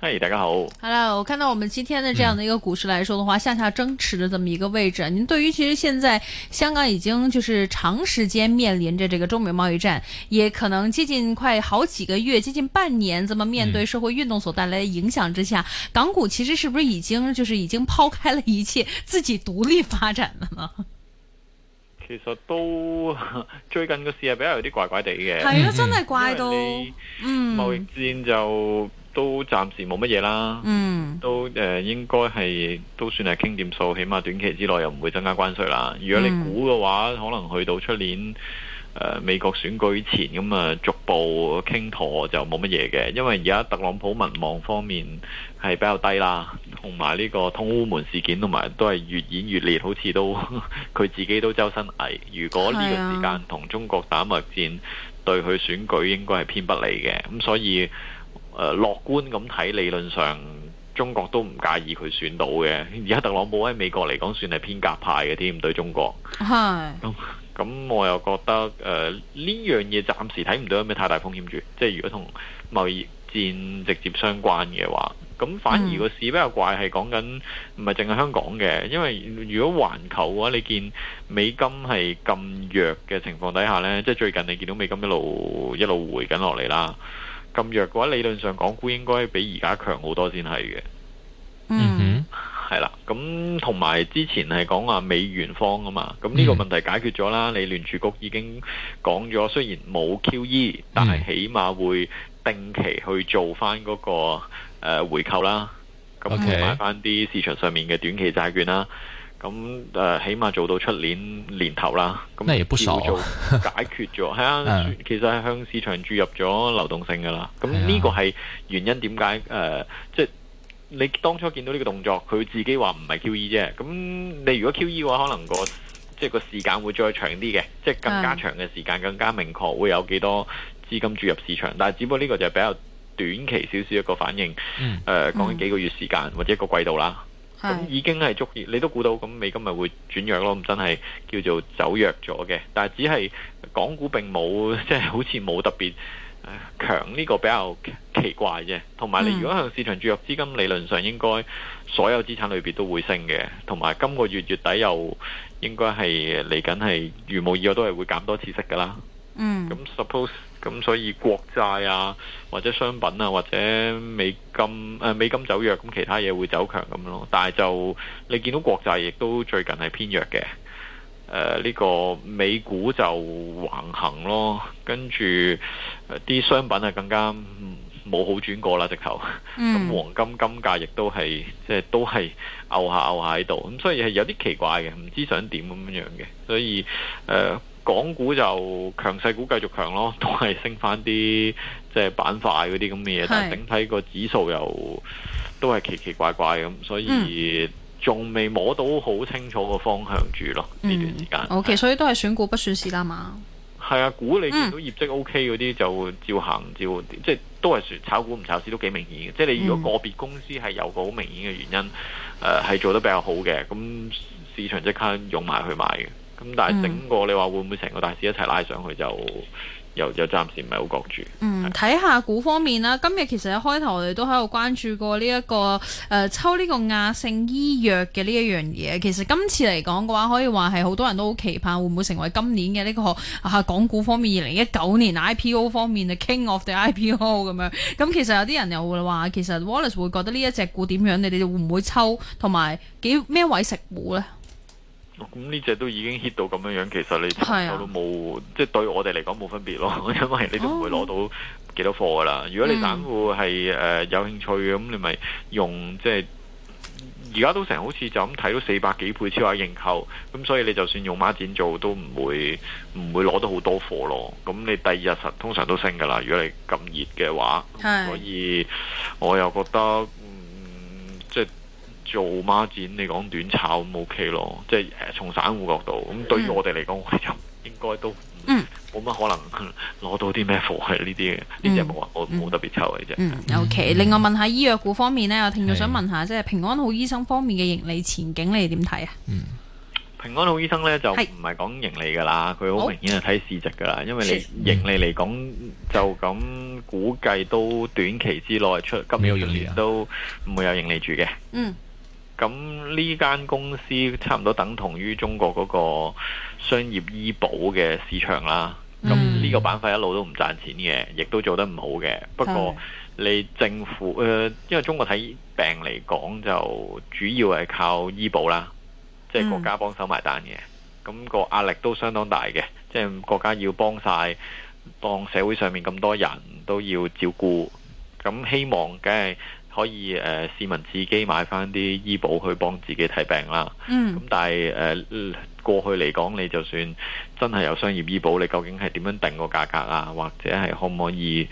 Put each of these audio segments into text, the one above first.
嗨、hey，大家好。Hello，我看到我們今天的這樣的一個股市來說的話，嗯、向下爭持的這麼一個位置。您對於其實現在香港已經就是長時間面臨着這個中美貿易戰，也可能接近快好幾個月，接近半年這麼面對社會運動所帶來的影響之下，嗯、港股其實是不是已經就是已經拋開了一切，自己獨立發展了呢？其實都最近個事啊，比較有啲怪怪哋嘅。係、嗯、啊，真係怪到嗯貿易戰就。嗯都暫時冇乜嘢啦，嗯、都誒、呃、應該係都算係傾掂數，起碼短期之內又唔會增加關稅啦。如果你估嘅話、嗯，可能去到出年、呃、美國選舉前咁啊，逐步傾妥就冇乜嘢嘅。因為而家特朗普民望方面係比較低啦，同埋呢個通烏門事件同埋都係越演越烈，好似都佢 自己都周身危。如果呢個時間同中國打貿戰，啊、對佢選舉應該係偏不利嘅。咁、嗯、所以。誒樂觀咁睇理論上，中國都唔介意佢選到嘅。而家特朗普喺美國嚟講，算係偏鴿派嘅添，對中國。咁我又覺得誒呢樣嘢暫時睇唔到有咩太大風險住，即係如果同貿易戰直接相關嘅話，咁反而個市比較怪，係講緊唔係淨係香港嘅，因為如果環球嘅話，你見美金係咁弱嘅情況底下呢，即係最近你見到美金一路一路回緊落嚟啦。咁弱嘅話，理論上港股應該比而家強好多先係嘅。嗯、mm-hmm.，係啦。咁同埋之前係講話，美元方啊嘛，咁呢個問題解決咗啦。Mm-hmm. 你聯儲局已經講咗，雖然冇 QE，但係起碼會定期去做翻嗰個誒回購啦。咁、mm-hmm. 買翻啲市場上面嘅短期債券啦。咁誒，起碼做到出年年頭啦。咁你叫做，解決咗，向 其實係向市場注入咗流動性噶啦。咁 呢個係原因點解誒？即、呃、係、就是、你當初見到呢個動作，佢自己話唔係 QE 啫。咁你如果 QE 嘅話，可能、那個即係、就是、個時間會再長啲嘅，即、就、係、是、更加長嘅時間， 更加明確會有幾多資金注入市場。但係只不過呢個就係比較短期少少一個反應。誒、嗯，講、呃、緊幾個月時間、嗯、或者一個季度啦。咁已經係足以，你都估到，咁美金咪會轉弱咯，咁真係叫做走弱咗嘅。但係只係港股並冇，即係好似冇特別強呢個比較奇怪啫。同埋你如果向市場注入資金，理論上應該所有資產類別都會升嘅。同埋今個月月底又應該係嚟緊係如無意外都係會減多次息噶啦。咁、嗯、suppose。咁所以國債啊，或者商品啊，或者美金、誒、呃、美金走弱，咁其他嘢會走強咁咯。但係就你見到國債亦都最近係偏弱嘅。誒、呃、呢、呢個美股就橫行咯，跟住啲商品啊更加冇好轉過啦，直、嗯、頭。咁黃金金價亦都係即係都係牛下牛下喺度。咁所以係有啲奇怪嘅，唔知想點咁樣嘅。所以誒。港股就強勢股繼續強咯，都係升翻啲即係板塊嗰啲咁嘅嘢，但係整體個指數又都係奇奇怪怪咁，所以仲、嗯、未摸到好清楚個方向住咯呢、嗯、段時間。哦，其實所以都係選股不選市啦嘛。係啊，股你見到業績 OK 嗰啲就照行照，照即係都係炒股唔炒市都幾明顯嘅、嗯。即係你如果個別公司係有個好明顯嘅原因，係、呃、做得比較好嘅，咁市場即刻湧埋去買嘅。咁但係整個、嗯、你話會唔會成個大市一齊拉上去就又又暫時唔係好覺住。嗯，睇下股方面啦。今日其實一開頭我哋都喺度關注過呢、這個呃、一個誒抽呢個亞盛醫藥嘅呢一樣嘢。其實今次嚟講嘅話，可以話係好多人都好期盼會唔會成為今年嘅呢、這個啊港股方面二零一九年 IPO 方面嘅 King of the IPO 咁樣。咁、嗯、其實有啲人又會話，其實 Wallace 會覺得呢一隻股點樣？你哋會唔會抽？同埋幾咩位食股呢？咁呢隻都已經 hit 到咁樣樣，其實你我都冇，即係、啊就是、對我哋嚟講冇分別咯，因為你都唔會攞到幾多貨噶啦、哦嗯。如果你散戶係誒有興趣嘅，咁你咪用即係而家都成好似就咁睇到四百幾倍超額認購，咁所以你就算用孖展做都唔會唔會攞到好多貨咯。咁你第二日實通常都升噶啦，如果你咁熱嘅話，所以我又覺得。做孖展，你講短炒咁 OK 咯，即係誒從散戶角度咁，對於我哋嚟講，我就應該都冇乜可能攞到啲咩貨呢啲，嘅，呢隻冇啊，我冇特別抽嘅啫。嗯，嗯，嗯，OK 嗯。另外問下醫藥股方面呢，我聽咗想問下，即係平安好醫生方面嘅盈利前景你，你點睇啊？平安好醫生呢，就唔係講盈利噶啦，佢好明顯係睇市值噶啦，因為你盈利嚟講就咁估計都短期之內出今年年都唔會有盈利住嘅。嗯。咁呢間公司差唔多等同於中國嗰個商業醫保嘅市場啦。咁、嗯、呢個板塊一路都唔賺錢嘅，亦都做得唔好嘅。不過你政府誒、呃，因為中國睇病嚟講就主要係靠醫保啦，即、就、係、是、國家幫手埋單嘅。咁、嗯、那個壓力都相當大嘅，即、就、係、是、國家要幫晒，當社會上面咁多人都要照顧。咁希望梗係。可以誒、呃，市民自己買翻啲醫保去幫自己睇病啦。嗯。咁但係誒、呃，過去嚟講，你就算真係有商業醫保，你究竟係點樣定個價格啊？或者係可唔可以、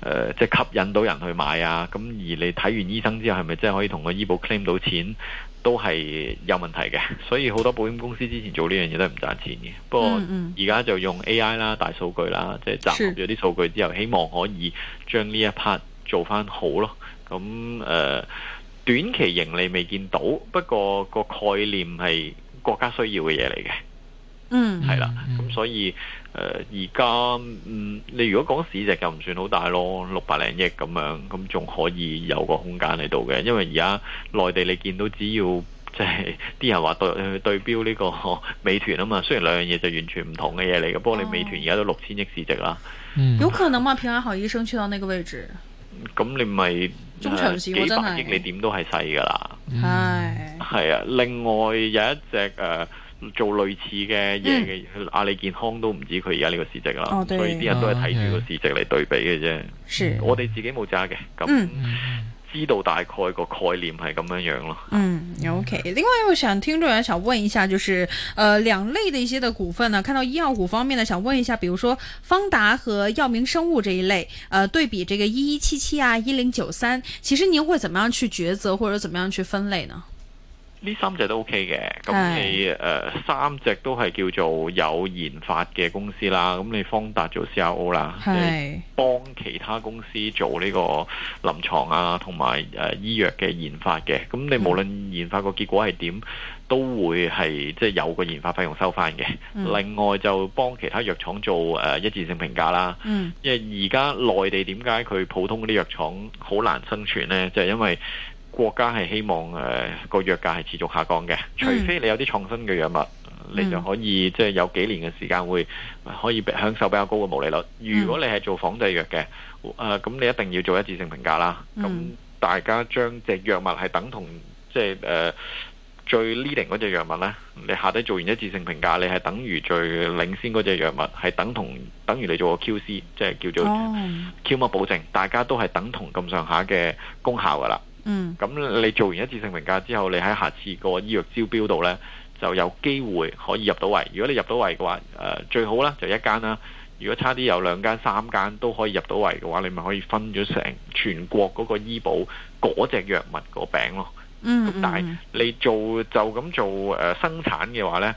呃、即係吸引到人去買啊？咁而你睇完醫生之後，係咪真係可以同個醫保 claim 到錢？都係有問題嘅。所以好多保險公司之前做呢樣嘢都係唔賺錢嘅。不過而家就用 AI 啦、大數據啦，即係集合咗啲數據之後，希望可以將呢一 part 做翻好咯。咁誒、呃，短期盈利未見到，不過個概念係國家需要嘅嘢嚟嘅，嗯，係啦，咁、嗯、所以誒而家嗯，你如果講市值就唔算好大咯，六百零億咁樣，咁仲可以有個空間喺度嘅，因為而家內地你見到只要即係啲人話對對，對標呢個美團啊嘛，雖然兩樣嘢就完全唔同嘅嘢嚟嘅，不過你美團而家都六千億市值啦，嗯，有可能嗎？平安好醫生去到呢個位置？咁、嗯、你咪幾百億你，你點都係細噶啦。係。啊，另外有一隻誒、啊、做類似嘅嘢嘅阿里健康都唔止佢而家呢個市值啦，哦，所以啲人都係睇住個市值嚟對比嘅啫。係。嗯、我哋自己冇揸嘅。知道大概個概念係咁樣樣咯。嗯，OK。另外，又想聽眾員想問一下，就是，誒、呃，兩類的一些的股份呢、啊，看到醫藥股方面呢，想問一下，比如說方達和藥明生物這一類，誒、呃，對比這個一一七七啊，一零九三，其實您會怎麼樣去抉擇，或者怎麼樣去分類呢？呢三隻都 OK 嘅，咁你誒三隻都係叫做有研發嘅公司啦，咁你方達做 CRO 啦，幫其他公司做呢個臨床啊，同埋誒醫藥嘅研發嘅，咁你無論研發個結果係點、嗯，都會係即係有個研發費用收翻嘅、嗯。另外就幫其他藥廠做、呃、一致性評價啦、嗯，因為而家內地點解佢普通啲藥廠好難生存呢？就係、是、因為國家係希望誒個藥價係持續下降嘅，除非你有啲創新嘅藥物，你就可以即係有幾年嘅時間會可以享受比較高嘅毛利率。如果你係做仿製藥嘅，誒咁你一定要做一致性評價啦。咁大家將隻藥物係等同即係誒最 leading 嗰隻藥物呢，你下底做完一致性評價，你係等於最領先嗰隻藥物，係等同等於你做個 QC，即係叫做 Q 乜保證，大家都係等同咁上下嘅功效噶啦。嗯，咁你做完一致性評價之後，你喺下次個醫藥招標度呢，就有機會可以入到圍。如果你入到圍嘅話，誒、呃、最好啦就一間啦。如果差啲有兩間、三間都可以入到圍嘅話，你咪可以分咗成全國嗰個醫保嗰隻藥物個餅咯。嗯，嗯但係你做就咁做誒、呃、生產嘅話呢，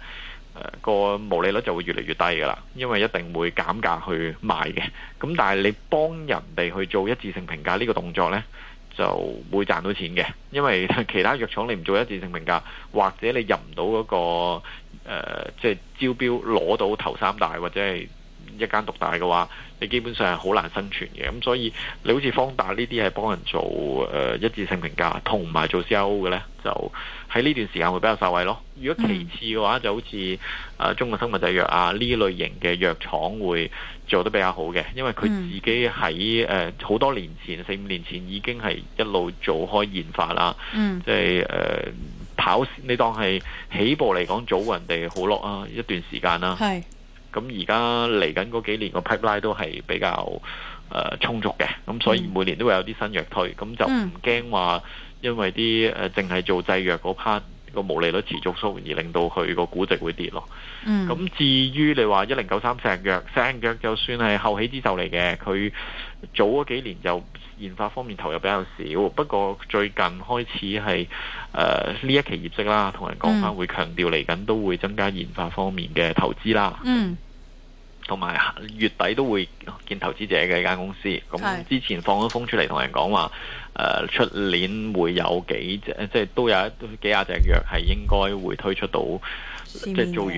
個、呃、毛利率就會越嚟越低噶啦，因為一定會減價去賣嘅。咁但係你幫人哋去做一致性評價呢個動作呢。就會賺到錢嘅。因為其他藥廠你唔做一致性評價㗎，或者你入唔到嗰個即係、呃即係、招標攞到頭三大或者係，一間獨大嘅話，你基本上係好難生存嘅。咁所以你好似方達呢啲係幫人做、呃、一致性評價，同埋做 CRO 嘅呢，就喺呢段時間會比較受惠咯。如果其次嘅話，就好似、呃、中國生物製藥啊呢類型嘅藥廠會做得比較好嘅，因為佢自己喺誒好多年前四五年前已經係一路做開研發啦，即係誒跑。你當係起步嚟講，早過人哋好耐啊，一段時間啦。咁而家嚟緊嗰幾年個 pipeline 都係比較誒、呃、充足嘅，咁所以每年都會有啲新藥推，咁、嗯、就唔驚話因為啲誒淨係做製藥嗰 part，個毛利率持續縮，而令到佢個估值會跌咯。咁、嗯、至於你話一零九三石藥，石藥就算係後起之秀嚟嘅，佢。早嗰幾年就研發方面投入比較少，不過最近開始係誒呢一期業績啦，同人講翻、嗯、會強調嚟緊都會增加研發方面嘅投資啦。嗯，同埋月底都會見投資者嘅一間公司，咁之前放咗風出嚟同人講話，誒、呃、出年會有幾隻，即係都有一幾廿隻藥係應該會推出到。即係做完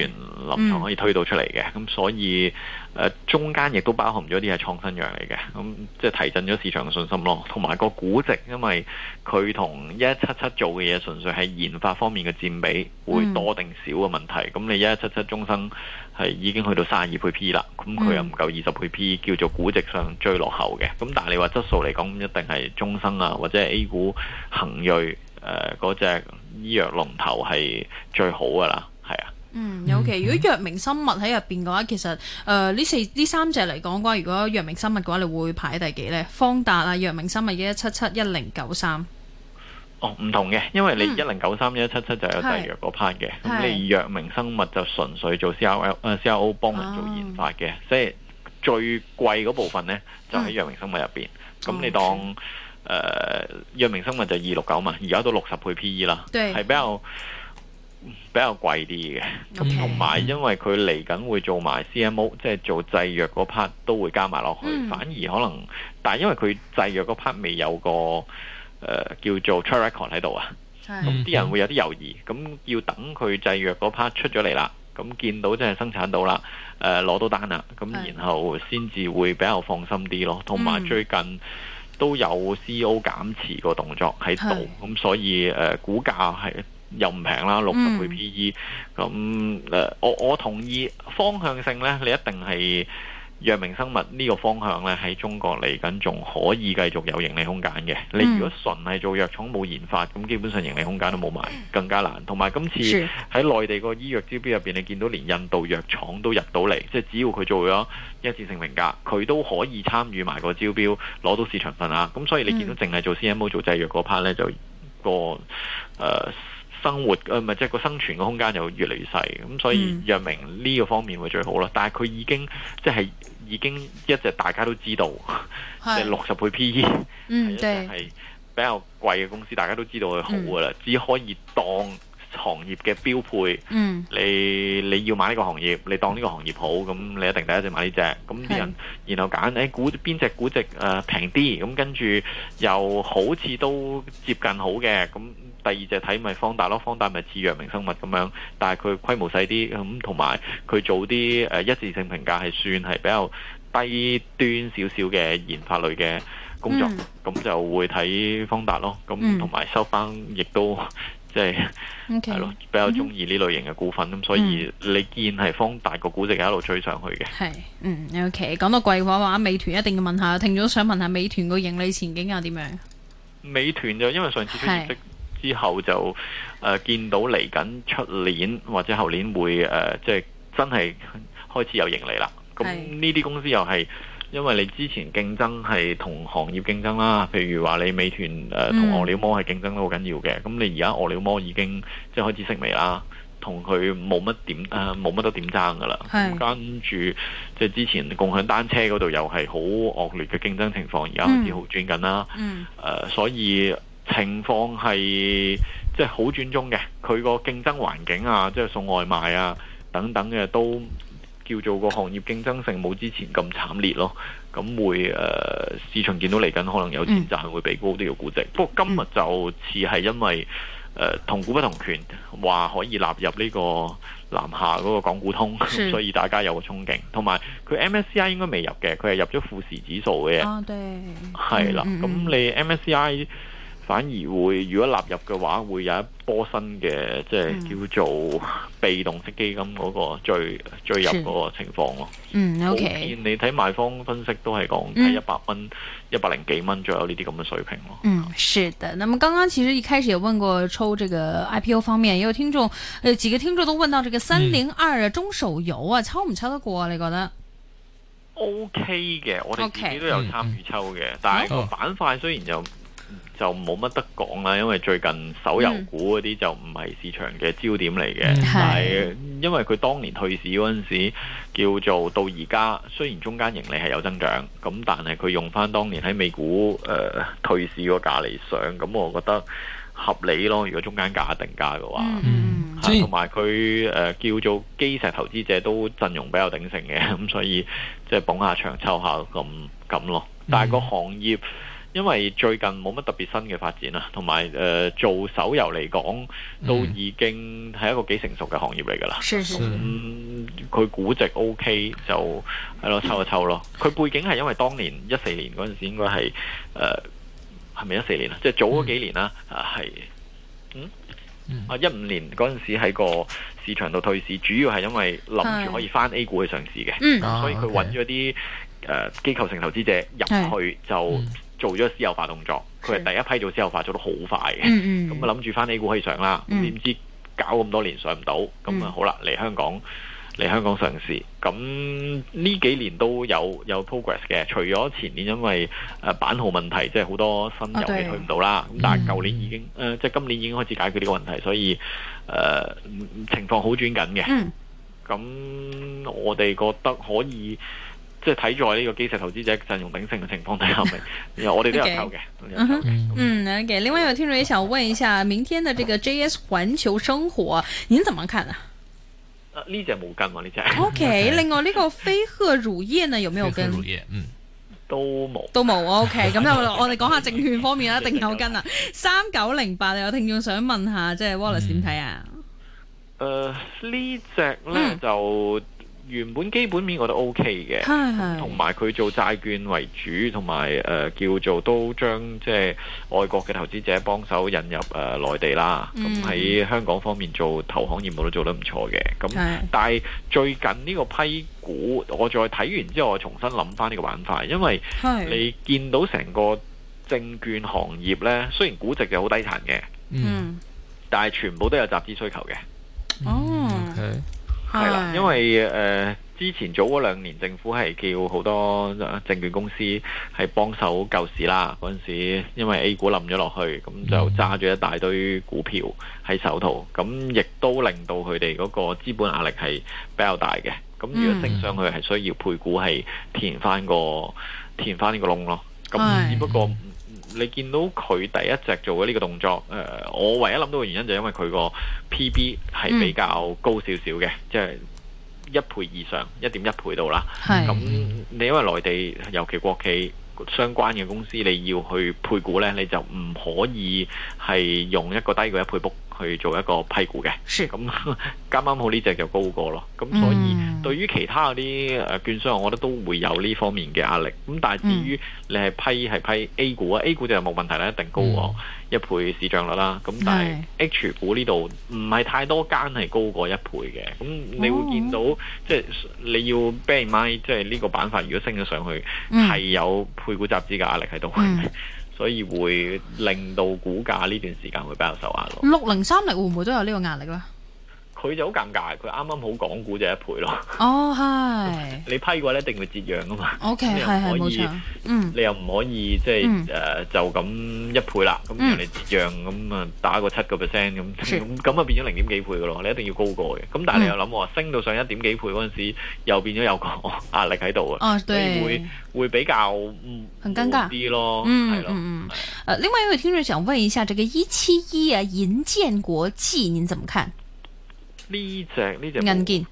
臨床可以推導出嚟嘅、嗯，咁所以、呃、中間亦都包含咗啲係創新藥嚟嘅，咁、嗯、即係提振咗市場嘅信心咯。同埋個估值，因為佢同一一七七做嘅嘢純粹係研發方面嘅佔比會多定少嘅問題。咁、嗯、你一七七中生係已經去到卅二倍 P 啦，咁、嗯、佢又唔夠二十倍 P，叫做估值上最落後嘅。咁但係你話質素嚟講，一定係中生啊，或者 A 股恒瑞誒嗰隻醫藥龍頭係最好噶啦。嗯，尤其、okay, 嘅、嗯。如果藥明生物喺入邊嘅話，其實誒呢、呃、四呢三隻嚟講嘅話，如果藥明生物嘅話，你會排第幾呢？方達啊，藥明生物一一七七一零九三。哦，唔同嘅，因為你一零九三一一七七就有製藥嗰 part 嘅，咁、嗯、你藥明生物就純粹做 CRL,、呃、CRO 誒 CRO 幫人做研發嘅，即、啊、以最貴嗰部分呢，就喺藥明生物入邊。咁、嗯、你當誒藥明生物就二六九嘛，而家都六十倍 PE 啦，係比較。嗯比較貴啲嘅，咁同埋因為佢嚟緊會做埋 CMO，即係做製藥嗰 part 都會加埋落去、嗯。反而可能，但係因為佢製藥嗰 part 未有個誒、呃、叫做 track record 喺度啊，咁啲、嗯、人會有啲猶豫，咁要等佢製藥嗰 part 出咗嚟啦，咁見到即係生產到啦，誒、呃、攞到單啦，咁然後先至會比較放心啲咯。同埋最近都有 CO 減持個動作喺度，咁、嗯、所以誒、呃、股價係，又唔平啦，六十倍 PE、嗯。咁我我同意方向性咧，你一定係藥明生物呢個方向咧，喺中國嚟緊仲可以繼續有盈利空間嘅。你如果純係做藥廠冇研發，咁基本上盈利空間都冇埋，更加難。同埋今次喺內地個醫藥招標入邊，你見到連印度藥廠都入到嚟，即係只要佢做咗一次性評價，佢都可以參與埋個招標，攞到市場份額。咁所以你見到淨係做 CMO 做製藥嗰 part 咧，就、嗰個誒。呃生活唔係即係個生存嘅空間就越嚟越細。咁所以藥明呢個方面會最好啦、嗯。但係佢已經即係已經一隻大家都知道，是即係六十倍 P E、嗯、一隻係比較貴嘅公司，大家都知道佢好噶啦、嗯，只可以當。行業嘅標配，嗯、你你要買呢個行業，你當呢個行業好，咁你一定第一隻買呢、這、隻、個。咁啲人然後揀，誒、欸、估邊隻估值誒平啲，咁、呃嗯、跟住又好似都接近好嘅。咁、嗯、第二隻睇咪方達咯，方達咪似藥明生物咁樣。但係佢規模細啲咁，同埋佢做啲誒、呃、一致性評價係算係比較低端少少嘅研發類嘅工作，咁、嗯、就會睇方達咯。咁同埋收翻亦都。即係，係咯，比較中意呢類型嘅股份，咁、嗯、所以你見係方大個估值，一路追上去嘅。係，嗯，OK。講到貴嘅話，美團一定要問下，聽咗想問下美團個盈利前景又點樣？美團就因為上次出業績之後就誒、呃、見到嚟緊出年或者後年會誒、呃，即係真係開始有盈利啦。咁呢啲公司又係。因為你之前競爭係同行業競爭啦，譬如話你美團誒同餓了麼係競爭都好緊要嘅。咁、嗯、你而家餓了麼已經即係開始式微啦，同佢冇乜點誒冇乜得點爭噶啦。跟住、呃、即係之前共享單車嗰度又係好惡劣嘅競爭情況，而家開始好轉緊啦。誒、嗯嗯呃，所以情況係即係好轉中嘅。佢個競爭環境啊，即係送外賣啊等等嘅都。叫做個行業競爭性冇之前咁慘烈咯，咁會誒、呃、市場見到嚟緊可能有錢賺會比高啲嘅、嗯、估值。不過今日就似係因為誒、呃、同股不同權話可以納入呢個南下嗰個港股通，所以大家有個憧憬。同埋佢 MSCI 應該未入嘅，佢係入咗富時指數嘅。哦、啊，係啦，咁、嗯嗯、你 MSCI。反而會，如果納入嘅話，會有一波新嘅，即係、嗯、叫做被動式基金嗰、那個最最入嗰個情況咯。嗯，OK。你睇賣方分析都係講喺一百蚊、一百零幾蚊左右呢啲咁嘅水平咯。嗯，是的。咁啊，剛剛其實一開始也問過抽這個 IPO 方面，有聽眾，呃，幾個聽眾都問到這個三零二啊、嗯，中手遊啊，抽唔抽得過、啊、你覺得？OK 嘅，我哋自己都有參與抽嘅、嗯嗯，但係個板塊雖然就。就冇乜得講啦，因為最近手遊股嗰啲就唔係市場嘅焦點嚟嘅，係、嗯、因為佢當年退市嗰陣時，叫做到而家，雖然中間盈利係有增長，咁但係佢用翻當年喺美股、呃、退市個價嚟上，咁我覺得合理咯。如果中間價定價嘅話，嗯，同埋佢叫做基石投資者都陣容比較鼎盛嘅，咁所以即係捧下場、抽下咁咁咯。但係個行業。嗯因為最近冇乜特別新嘅發展啊，同埋誒做手遊嚟講，都已經係一個幾成熟嘅行業嚟㗎啦。佢、嗯嗯嗯、估值 OK 就係咯、嗯、抽一抽咯。佢背景係因為當年一四年嗰陣時應該係誒係咪一四年，就是年嗯、啊？即係早嗰幾年啦啊係。嗯啊一五年嗰陣時喺個市場度退市，主要係因為諗住可以翻 A 股去上市嘅、嗯，所以佢揾咗啲誒機構性投資者入去就。嗯做咗私有化動作，佢係第一批做私有化，做得好快嘅。咁啊，諗住返 A 股可以上啦，點、mm-hmm. 知搞咁多年上唔到，咁、mm-hmm. 啊好啦，嚟香港嚟香港上市。咁呢幾年都有有 progress 嘅，除咗前年因為誒、呃、版號問題，即係好多新遊戲、oh, 去唔到啦。咁但係舊年已經誒、mm-hmm. 呃，即係今年已經開始解決呢個問題，所以誒、呃、情況好轉緊嘅。咁、mm-hmm. 我哋覺得可以。即係睇在呢個基石投資者陣容鼎盛嘅情況底下，咪、 okay.，我哋都有投嘅。Okay. 嗯，OK。另外有聽眾也想問一下，明天的這個 JS 環球生活，您怎麼看了啊？呢隻冇跟喎，呢隻。OK，另外呢個飛鶴乳業呢，有沒有跟？飛鶴乳業，都 冇、嗯。都冇。OK，咁 又、嗯、我哋講下證券方面 一定有跟 3908, 有、就是嗯、啊？三九零八有聽眾想問下，即係 Wallace 點睇啊？誒、嗯，呢隻呢就。原本基本面我都 O K 嘅，同埋佢做債券為主，同埋誒叫做都將即係外國嘅投資者幫手引入誒、呃、內地啦。咁、嗯、喺香港方面做投行業務都做得唔錯嘅。咁但係最近呢個批股，我再睇完之後我重新諗翻呢個板塊，因為你見到成個證券行業咧，雖然估值嘅好低殘嘅，嗯，但係全部都有集資需求嘅、嗯。哦、okay 係啦，因為誒、呃、之前早嗰兩年政府係叫好多證券公司係幫手救市啦。嗰陣時因為 A 股冧咗落去，咁就揸咗一大堆股票喺手度，咁亦都令到佢哋嗰個資本壓力係比較大嘅。咁如果升上去，係需要配股係填翻個填翻呢個窿咯。咁只不，不過。你見到佢第一隻做嘅呢個動作，呃，我唯一諗到嘅原因就因為佢個 PB 係比較高少少嘅，即係一倍以上，一點一倍到啦。咁你因為內地尤其國企相關嘅公司，你要去配股呢，你就唔可以係用一個低過一倍 book。去做一個批股嘅，咁啱啱好呢隻就高過咯，咁所以對於其他嗰啲誒券商，我覺得都會有呢方面嘅壓力。咁但係至於你係批係批 A 股啊、嗯、，A 股就冇問題啦，一定高過一倍市漲率啦。咁、嗯、但係 H 股呢度唔係太多間係高過一倍嘅，咁你會見到即係、哦就是、你要 bear in mind 即係呢個板塊如果升咗上去，係、嗯、有配股集資嘅壓力喺度。所以會令到股價呢段時間會比較受壓咯。六零三力會唔會都有呢個壓力咧？佢就好尷尬，佢啱啱好講股就一倍咯。哦、oh, hey. 係、okay, hey,。你批過咧，一定會折讓噶嘛。O K，係可以。嗯，你又唔可以即係誒，就咁一倍啦，咁、嗯、嚟折讓咁啊，打個七個 percent 咁，咁啊變咗零點幾倍噶咯，你一定要高過嘅。咁但係你又諗、嗯，升到上一點幾倍嗰陣時，又變咗有個壓力喺度啊。哦、oh,，對。會會比較唔好啲咯，係、嗯、咯。誒、嗯，嗯嗯、 另外一位聽眾想問一下，這個一七一啊，銀建國際，您怎麼看？呢隻呢隻唔見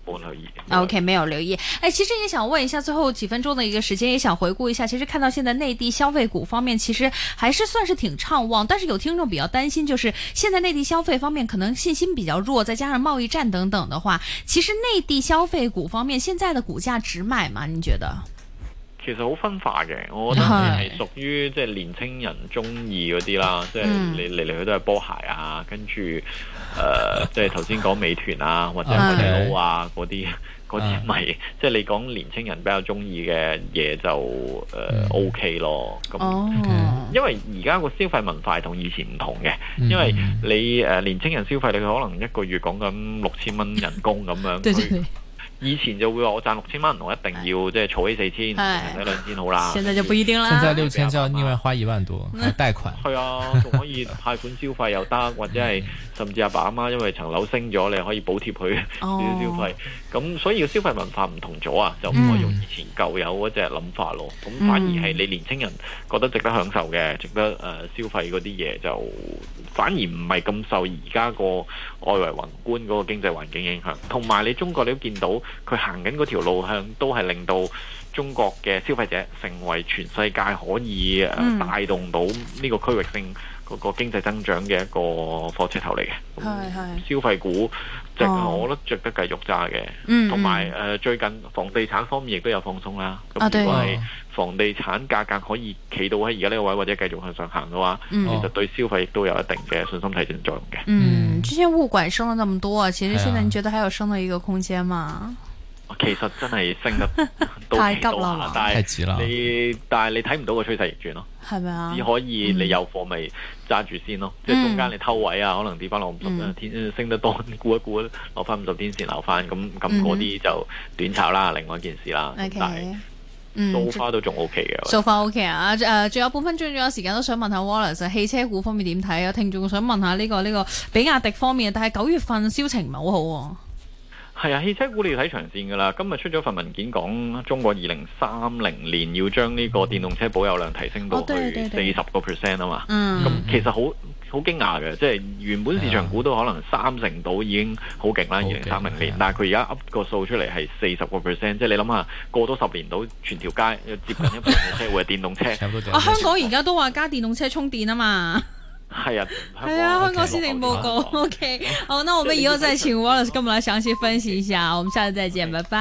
，OK，沒有留意。誒、哎，其實也想問一下，最後幾分鐘的一個時間，也想回顧一下。其實看到現在內地消費股方面，其實還是算是挺暢旺。但是有聽眾比較擔心，就是現在內地消費方面可能信心比較弱，再加上貿易戰等等的話，其實內地消費股方面現在的股價值買嗎？你覺得？其實好分化嘅，我覺得係屬於即係年青人中意嗰啲啦，即係、就是、你嚟嚟去去都係波鞋啊，跟住，誒、呃，即係頭先講美團啊， 或者麥當勞啊嗰啲，嗰啲咪即係你講年青人比較中意嘅嘢，就誒 O K 咯，咁、嗯，因為而家個消費文化同以前唔同嘅、嗯，因為你誒、呃、年青人消費，你可能一個月講緊六千蚊人工咁樣。 對對以前就會話我賺六千蚊，我一定要即係儲起四千，存一兩千好啦。現在就不一定啦。現在六千就要另外花一萬多， 貸款。係啊，仲可以貸款消費又得， 或者係。甚至阿爸阿媽，因為層樓升咗，你可以補貼佢啲消費。咁所以個消費文化唔同咗啊，就唔可以用以前舊有嗰隻諗法咯。咁反而係你年輕人覺得值得享受嘅、值得誒消費嗰啲嘢，就反而唔係咁受而家個外圍宏觀嗰個經濟環境影響。同埋你中國你都見到佢行緊嗰條路向，都係令到中國嘅消費者成為全世界可以誒帶動到呢個區域性，個個經濟增長嘅一個火車頭嚟嘅，消費股即、哦、我覺得着得繼續揸嘅，同埋誒最近房地產方面亦都有放鬆啦。咁、啊、如果係房地產價格可以企到喺而家呢個位或者繼續向上行嘅話，嗯，其實對消費亦都有一定嘅信心提振作用嘅。嗯，之前物管升咗那麼多，其實現在你覺得還有升到一個空間嗎？其實真係升得到 太急啦，太急你但係你睇唔到個趨勢逆轉咯，係咪啊？只可以你有貨咪揸住先咯、嗯，即係中間你偷位啊，可能跌翻落五十啦，天升得多沽一沽，攞翻五十天線留翻，咁咁嗰啲就短炒啦，另外一件事啦。Okay、但係 so far 都仲 O K 嘅。so far O K 啊，誒、啊，仲有半分鐘仲有時間，都想問下 Wallace、啊、汽車股方面點睇啊？我聽眾想問下呢、呢個呢、呢個比亞迪方面，但係九月份銷情唔係好好、啊、喎。係啊，汽車股你要睇長線噶啦。今日出咗份文件講，中國二零三零年要將呢個電動車保有量提升到去四十個 percent 啊嘛。咁、哦啊啊啊嗯嗯、其實好好驚訝嘅，即係原本市場估到可能三成到已經好勁啦。二零三零年，啊、但係佢而家噏個數出嚟係四十個 percent，即係你諗下，過多十年到全條街接近一半車會係電動車。 啊，香港而家都話加電動車充電啊嘛。 係啊，係啊，香港市盈率報告，OK，好，那我們以後再請 Wallace 跟我們來詳細分析一下，我們下次再見，拜拜。